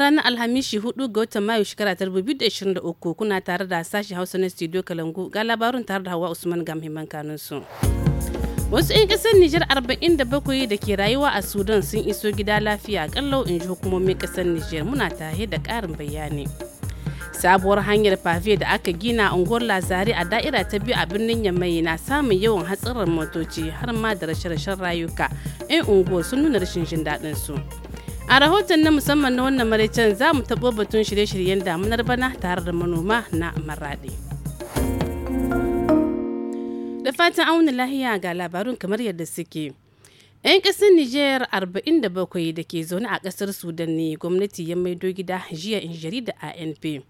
ranar alhamishi 4 ga watan mayu shekara ta 2023 kuna tare da sashi hausa na studio kalangu ga labarin tare da hawa usman ga muhimman kanunsu wasu 'yan kasar nijar 47 da ke rayuwa a sudan sun iso gida lafiya kallo in ji hukumomin kasar nijar muna tare da karin bayani sabuwar hanyar fafe da aka gina a unguwar lazare a da'ira ta biyu a birnin yamai na samun yawan hatsarin motoci har ma da rashe-rashen rayuka 'yan unguwar sun nuna rashin jin daɗinsu. A rahoton na musamman na wannan maraicen za mu taɓo batun shirye-shiryen damunar bana tare da manoma na maraɗi. Da fatan auna lahiya ga labarun kamar yadda suke. 'Yan ƙasar Nijiyar 47 da ke zaune a ƙasar Sudan ne gwamnati ya maido gida jiya in jarida ANP.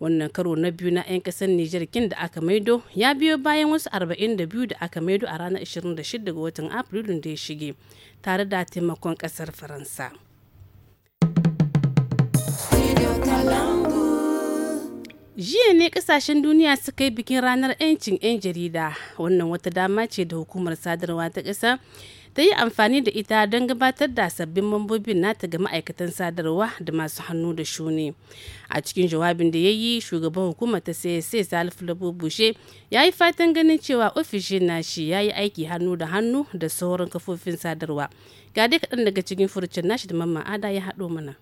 Wannan karo na biyu na 'yan ƙasar Nijar kin da aka maido ya biyo bayan wasu 42 da aka maido a ranar 26 ga watan Afrilun da ya shige tare da taimakon ƙasar Faransa. jiya ne kasashen duniya suka yi bikin ranar 'yancin 'yan jarida wannan wata dama ce da hukumar sadarwa ta kasa ta yi amfani da ita don gabatar da sabbin mambobin nata ga ma'aikatan sadarwa da masu hannu da shuni a cikin jawabin da ya yi shugaban hukumar ta sai salif labubushe ya yi fatan ganin cewa ofishin nashi ya yi aiki hannu da hannu da sauran kafofin sadarwa ga dai kaɗan daga cikin furucin nashi da mamman ada ya haɗo mana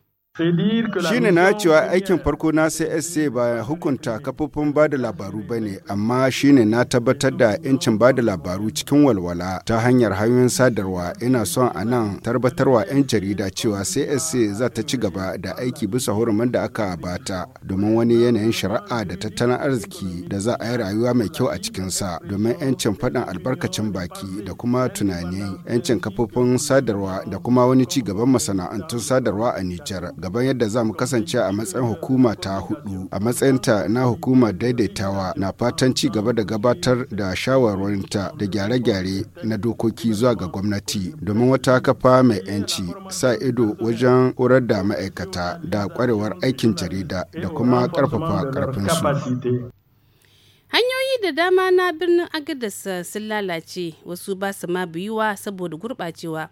Shi ne na cewa aikin farko na CSC ba hukunta kafofin ba da labaru ba ne, amma shi ne na tabbatar da 'yancin ba da labaru cikin walwala ta hanyar hanyoyin sadarwa ina son a nan tarbatarwa 'yan jarida cewa CSC za ta ci gaba da aiki bisa hurumin da aka bata domin wani yanayin shari'a da tattalin arziki da za a yi rayuwa mai kyau a cikinsa domin 'yancin faɗin albarkacin baki da kuma tunani, 'yancin kafofin sadarwa da kuma wani ci gaban masana'antun sadarwa a Nijar. gaban yadda za mu kasance a matsayin hukuma ta hudu a matsayinta na hukuma daidaitawa na fatan ci gaba da gabatar da shawarwarinta da gyare-gyare na dokoki zuwa ga gwamnati domin wata kafa mai 'yanci sa ido wajen horar da ma'aikata da kwarewar aikin jarida da kuma karfafa karfinsu. hanyoyi da dama na birnin agadas sun lalace wasu ba su ma biyuwa saboda gurɓacewa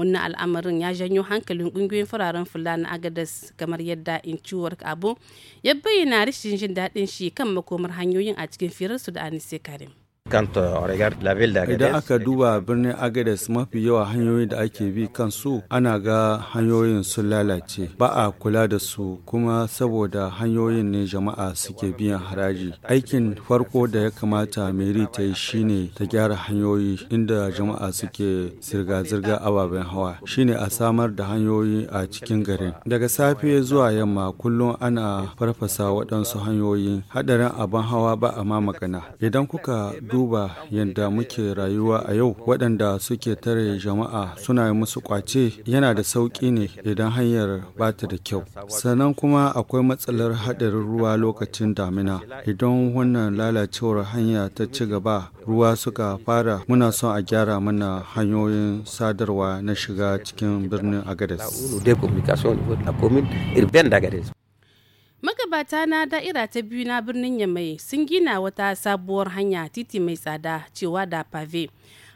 wannan al'amarin ya janyo hankalin ƙungiyoyin fararen fula na agadas kamar yadda inciwar abu ya bayyana rashin jin daɗin shi kan makomar hanyoyin a cikin firarsu da anise karim Idan aka duba birnin Agadez mafi yawa hanyoyin da ake bi kan su. ana ga hanyoyin sun lalace ba a kula da su kuma saboda hanyoyin ne jama'a suke biyan haraji. Aikin farko da ya kamata Meri ta yi shine ta gyara hanyoyi inda jama'a suke zirga-zirga ababen hawa shine a samar da hanyoyi a cikin garin. Daga safe zuwa yamma kullum ana farfasa waɗansu hanyoyi haɗarin abin hawa ba a ma magana. Idan kuka duba duba yadda muke rayuwa a yau waɗanda suke tare jama'a suna musu kwace yana da sauƙi ne idan hanyar ba ta da kyau sannan kuma akwai matsalar haɗarin ruwa lokacin damina idan wannan lalacewar hanya ta ci gaba ruwa suka fara muna son a gyara mana hanyoyin sadarwa na shiga cikin birnin agades magabata na da'ira ta biyu na birnin yamai sun gina wata sabuwar hanya titi mai tsada cewa da pave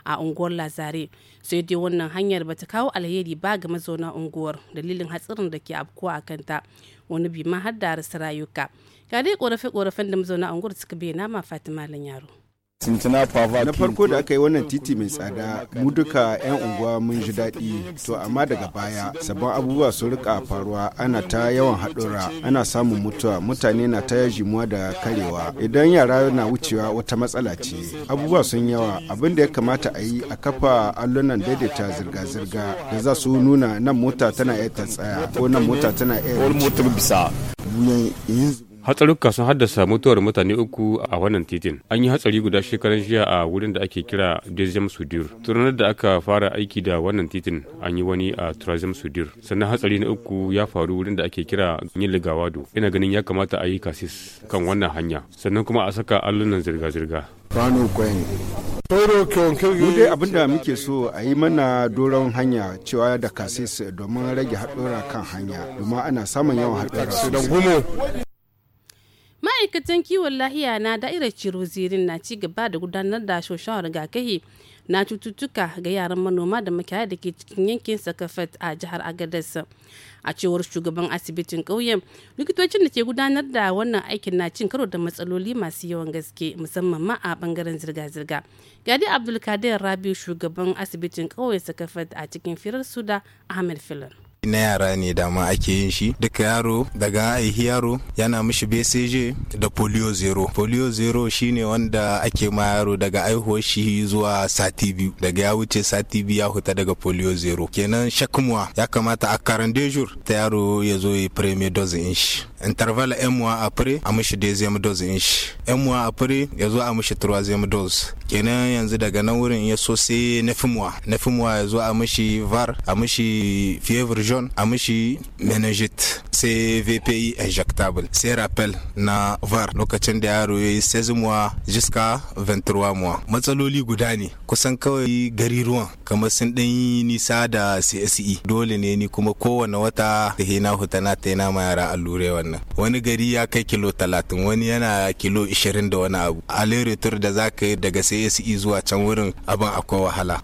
a unguwar lazare sai dai wannan hanyar bata kawo alheri ba ga mazauna unguwar dalilin hatsarin da ke afkuwa a kanta wani bi ma har da rasa rayuka ga dai korafe-korafen da mazauna unguwar suka bayyana ma fatima yaro Na farko da aka yi wannan titi mai tsada mu duka 'yan unguwa mun ji daɗi to amma daga baya sabon abubuwa sun rika faruwa ana ta yawan haɗura ana samun mutuwa mutane na ta yajimuwa da karewa idan yara na wucewa wata matsala ce abubuwa sun yawa abin da ya kamata a yi a kafa allunan daidaita zirga-zirga da za su nuna nan mota tana iya ta tsaya ko nan mota tana iya Hatsarukka sun haddasa mutuwar mutane uku a wannan titin. An yi hatsari guda shekaran jiya a wurin da ake kira Dezem Sudir. Tunanar da aka fara aiki da wannan titin an yi wani a Trazem Sudir. Sannan hatsari na uku ya faru wurin da ake kira Nyil Gawado. Ina ganin ya kamata a yi kasis kan wannan hanya. Sannan kuma a saka allunan zirga-zirga. mu dai abinda muke so a yi mana doron hanya cewa da kasis domin rage haɗura kan hanya domin ana samun yawan haɗura ma'aikatan kiwon lahiya na da'irar zirin na ci gaba da gudanar da shoshon rigakafi na cututtuka ga yaran manoma da makiyaya da ke cikin yankin sakafet a jihar agadas a cewar shugaban asibitin ƙauyen likitocin da ke gudanar da wannan aikin na cin karo da matsaloli masu yawan gaske musamman ma a bangaren zirga-zirga gadi abdulkadir rabi shugaban asibitin ƙauyen sakafat a cikin firar su da ahmed filan na yara ne dama ake yin shi duka yaro daga aihi yaro yana mishi bcg da polio zero polio zero shine wanda ake ma yaro daga aihuwar shi zuwa sati biyu daga ya wuce sati biyu ya huta daga polio zero kenan shakmuwa ya kamata a karan dejur ta yaro ya zo yi premier dozen in shi interval mwa a fure a mishi dezem dozen in shi yan a ya zo a mishi troisième dose kenan yanzu daga nan wurin ya so sai na fimwa na fimwa ya zo a mishi var a mishi fievre jaune a mishi meningit sai vpi injectable sai rappel na var lokacin da yaro ya yi 16 mois jiska 23 mois matsaloli guda ne kusan kawai gari ruwan kamar sun ɗan yi nisa da cse dole ne ni kuma kowane wata ta hina hutana ta yana ma yara allure wannan wani gari ya kai kilo 30 wani yana kilo 20 da wani abu a da za daga cse zuwa can wurin abin akwai wahala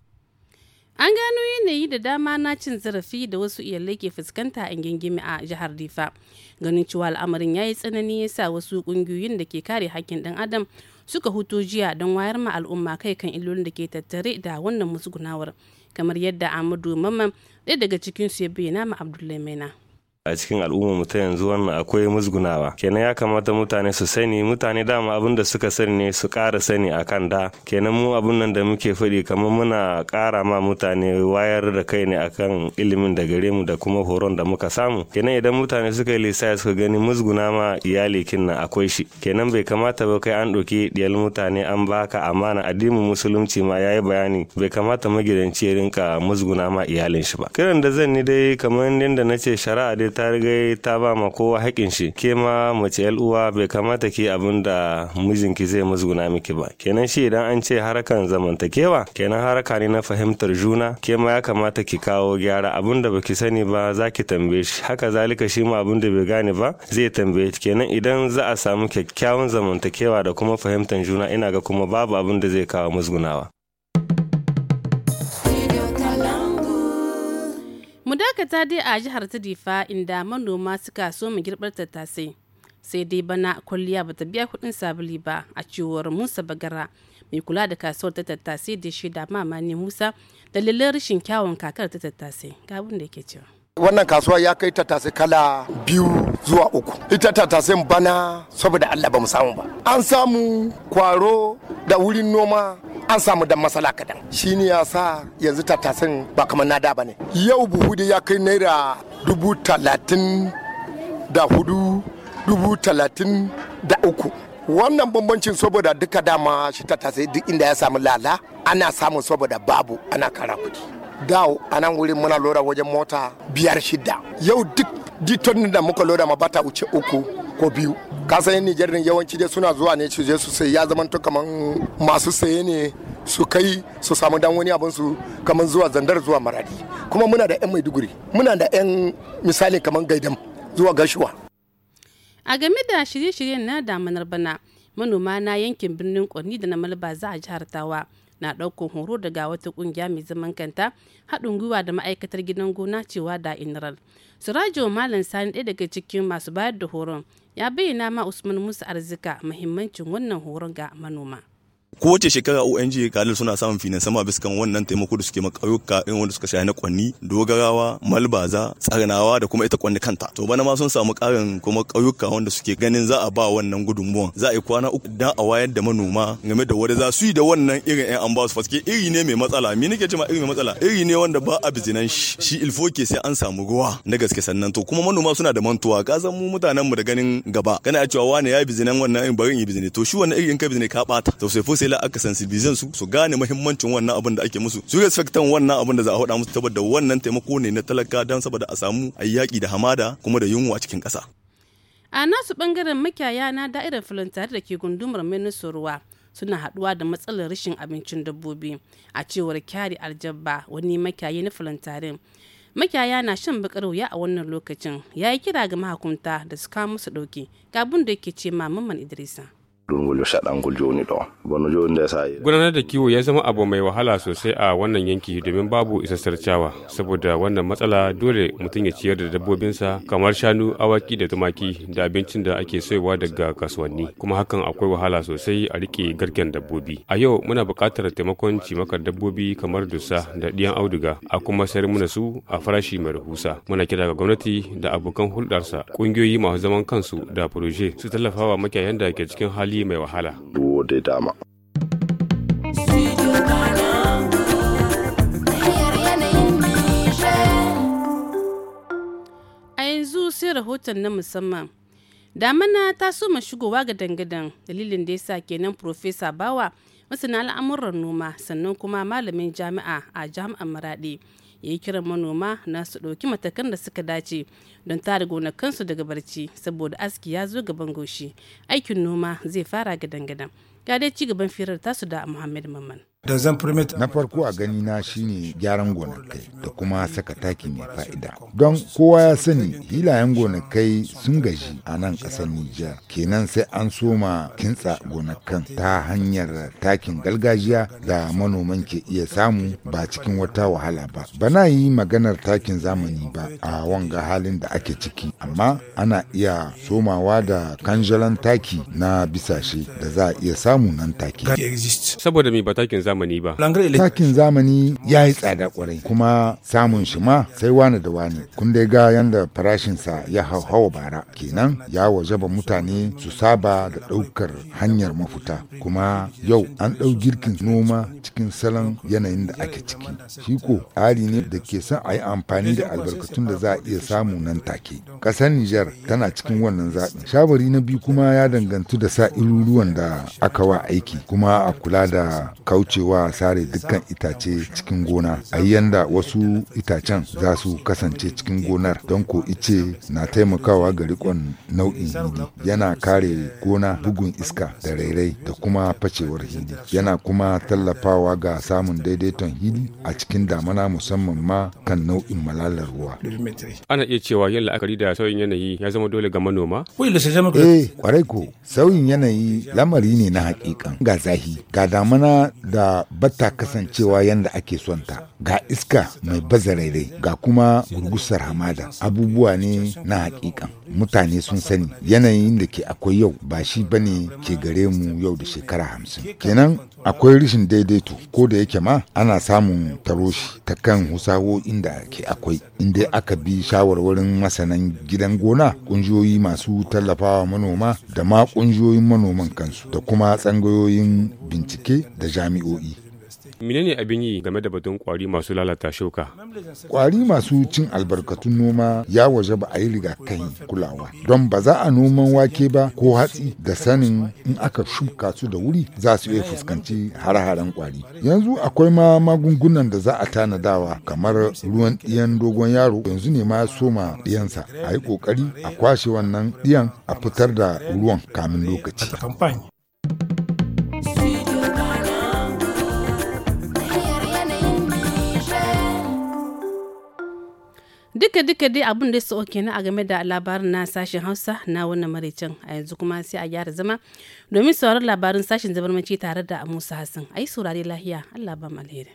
An gano yanayi da dama na cin zarafi da wasu iyalai ke fuskanta a gingimi a jihar difa Ganin cewa al'amarin ya yi tsanani ya sa wasu ƙungiyoyin da ke kare hakkin ɗan adam suka huto jiya don wayar ma al'umma kai kan illolin da ke tattare da wannan musgunawar. Kamar yadda Amadu Mamman ɗaya daga cikinsu ya bayyana ma Abdullahi Maina. a cikin al'umma mu ta yanzu wannan akwai musgunawa kenan ya kamata mutane su sani mutane dama abin da suka sani ne su ƙara sani a kan da kenan mu abin nan da muke faɗi kamar muna ƙara ma mutane wayar da kai ne akan ilimin da gare mu da kuma horon da muka samu kenan idan mutane suka yi lissafi suka gani musguna ma iyali kin nan akwai shi kenan bai kamata ba kai an ɗauki diyal mutane an baka amana addinin musulunci ma yayi bayani bai kamata magidanci ya rinka musguna iyalin shi ba kiran da zan ni dai kamar yadda na ce shari'a dai ta riga ta ba ma kowa haƙin shi ke ma mace yal uwa bai kamata ki abin da mijinki zai musguna miki ba kenan shi idan an ce harakan zamantakewa kenan haraka ne na fahimtar juna ke ma ya kamata ki kawo gyara abin da baki sani ba za ki tambaye shi haka zalika shi ma abin da bai gane ba zai tambaye kenan idan za a samu kyakkyawan zamantakewa da kuma fahimtar juna ina ga kuma babu abin da zai kawo musgunawa dakata dai a jihar ta difa inda manoma suka so mu girbar tattasai sai dai bana kwalliya bata biya kudin sabuli ba a cewar musa bagara mai kula da kasuwar ta tattasai da mama mamani musa dalilan rashin kyawun kakar ta tattasai ga abin da yake cewa wannan kasuwa ya kai tattasai kala biyu zuwa uku ita tattasai bana saboda allah ba mu samu ba an samu kwaro da wurin noma an samu dan masala kadan shi ne sa yanzu tattasin ba kamar na da bane yau buhu da ya kai naira dubu talatin da hudu dubu talatin da uku wannan bambancin saboda duka dama shi tattasai duk inda ya samu lala ana samu saboda babu ana kara kudi dawo a nan wurin muna lura wajen mota biyar shida yau duk ditonin da muka lura ma bata wuce uku ko biyu kasan yin nijar din yawanci dai suna zuwa ne su su sai ya zama kaman masu saye ne su kai su samu dan wani abin su kaman zuwa zandar zuwa maradi kuma muna da yan maiduguri muna da yan misali kaman gaidam zuwa gashuwa a game da shirye-shiryen na damanar bana manoma na yankin birnin kwarni da na malba za a jihar tawa na dauko horo daga wata kungiya mai zaman kanta haɗin gwiwa da ma'aikatar gidan gona cewa da inral sirajo malam sani ɗaya daga cikin masu bayar da horon ya bayyana ma usman musa arzika muhimmancin wannan horon ga manoma kowace shekara ONG kadal suna samun finan sama bisa kan wannan taimako da suke makaruka in wanda suka shahi na kwanni dogarawa malbaza tsarnawa da kuma ita kwanni kanta to bana ma sun samu karin kuma karuka wanda suke ganin za a ba wannan gudunmuwan za a yi kwana uku dan a wayar da manoma game da wanda za su yi da wannan irin yan an ba su faske iri ne mai matsala me nake cewa iri mai matsala iri ne wanda ba a bizinan shi ilfo ke sai an samu ruwa na gaske sannan to kuma manoma suna da mantuwa ka san mu mutanen mu da ganin gaba kana cewa wani ya bizinan wannan in bari in yi bizine to shi wannan irin ka bizine ka bata to sai sai la aka sensibilize su su gane muhimmancin wannan abin da ake musu su sakatan wannan abin da za a haɗa musu saboda wannan taimako ne na talaka dan saboda a samu a yaƙi da hamada kuma da yunwa cikin ƙasa. a nasu bangaren makiyaya na da'irar filantari da ke gundumar ruwa suna haɗuwa da matsalar rashin abincin dabbobi a cewar kyari aljabba wani makiyayi na filantarin makiyaya na shan bakar wuya a wannan lokacin ya yi kira ga mahakunta da su kawo musu ɗauki ga abin da yake ce mamman idrisa dungulu joni ɗo bano joni da sa gudanar da kiwo ya zama abu mai wahala sosai a wannan yanki domin babu isassar ciyawa saboda wannan matsala dole mutum ya ciyar da dabbobinsa kamar shanu awaki da tumaki da abincin da ake saiwa daga kasuwanni kuma hakan akwai wahala sosai a rike garken dabbobi a yau muna buƙatar taimakon cimakar dabbobi kamar dusa da ɗiyan auduga a kuma sayar muna su a farashi mai rahusa muna kira ga gwamnati da abokan hulɗarsa ƙungiyoyi masu zaman kansu da proje su tallafawa makiyayan da ke cikin hali mai wahala. Gode dama. A yanzu sai rahoton na musamman. Damana ta soma shigowa ga dangadan dalilin da yasa kenan Profesa Bawa masana al'amuran noma sannan kuma malamin jami'a a jami'ar Maraɗi. ya yi kiran manoma na su ɗauki matakan da suka dace don tare gonakansu daga barci saboda aski ya zo gaban goshi aikin noma zai fara gadan-gadan ga ci gaban firar tasu da muhammad maman Na farko a gani na shine gyaran gonakai da kuma saka taki mai fa'ida. Don kowa ya sani hilayen gonakai sun gaji a nan ƙasar Nijar. Kenan sai an soma kintsa gonakan ta hanyar takin gargajiya da manoman ke iya samu ba cikin wata wahala ba. Bana yi maganar takin zamani ba a wanga halin da ake ciki, amma ana iya somawa da kanjalan taki na bisashe da za a iya samu nan take. Saboda mai ba takin zamani ba. Takin zamani ya yi tsada kwarai kuma samun shi ma sai wani da wani. Kun dai ga yanda farashinsa ya hauhawa bara kenan ya wajaba mutane su saba da ɗaukar hanyar mafuta kuma yau an ɗau girkin noma cikin salon yanayin da ake ciki. Shi ko tsari ne da ke son a yi amfani da albarkatun da za a iya samu nan take. Ƙasar Nijar tana cikin wannan zaɓin. Shawari na biyu kuma ya dangantu da sa iruruwan da aka wa aiki kuma a kula da kauce cewa sare dukkan itace cikin gona a yanda wasu itacen za su kasance cikin gonar don ko ice na taimakawa ga rikon nau'in hili yana kare gona bugun iska da rairai da kuma facewar hili yana kuma tallafawa ga samun daidaiton hili a cikin damana musamman ma kan nau'in malalar ruwa ana iya cewa yin la'akari da sauyin yanayi ya zama dole ga manoma eh, kwarai ko sauyin yanayi lamari ne na hakikan ga zahi ga damana da ba ta kasancewa yadda ake son ta ga iska mai baza ga kuma gurgusar hamada abubuwa ne na hakikan mutane sun sani yanayin da ke akwai yau ba shi bane ke gare mu yau da shekara hamsin kenan akwai rishin daidaito ko da yake ma ana samun taroshi ta kan husawo inda ke akwai inda aka bi shawarwarin masanan gidan gona kungiyoyi masu tallafawa manoma da ma kungiyoyin manoman kansu da kuma tsangayoyin bincike da jami'o'i nau'i. ne abin yi game da batun kwari masu lalata shuka? Kwari masu cin albarkatun noma ya waje ba a yi rigakai kulawa. Don ba za a noman wake ba ko hatsi da sanin in aka shuka su da wuri za su iya fuskanci har-haren kwari. Yanzu akwai ma magungunan da za a tanadawa kamar ruwan ɗiyan dogon yaro yanzu ne ma soma ɗiyansa a yi ƙoƙari a kwashe wannan ɗiyan a fitar da ruwan kamin lokaci. duka duka dai abin da su na a game da labarin na sashen hausa na wannan maraicin a yanzu kuma sai a gyara zama domin sauraron labarin sashen zabarmaci tare da musa hassan a yi saurari lahiya allah ba alheri.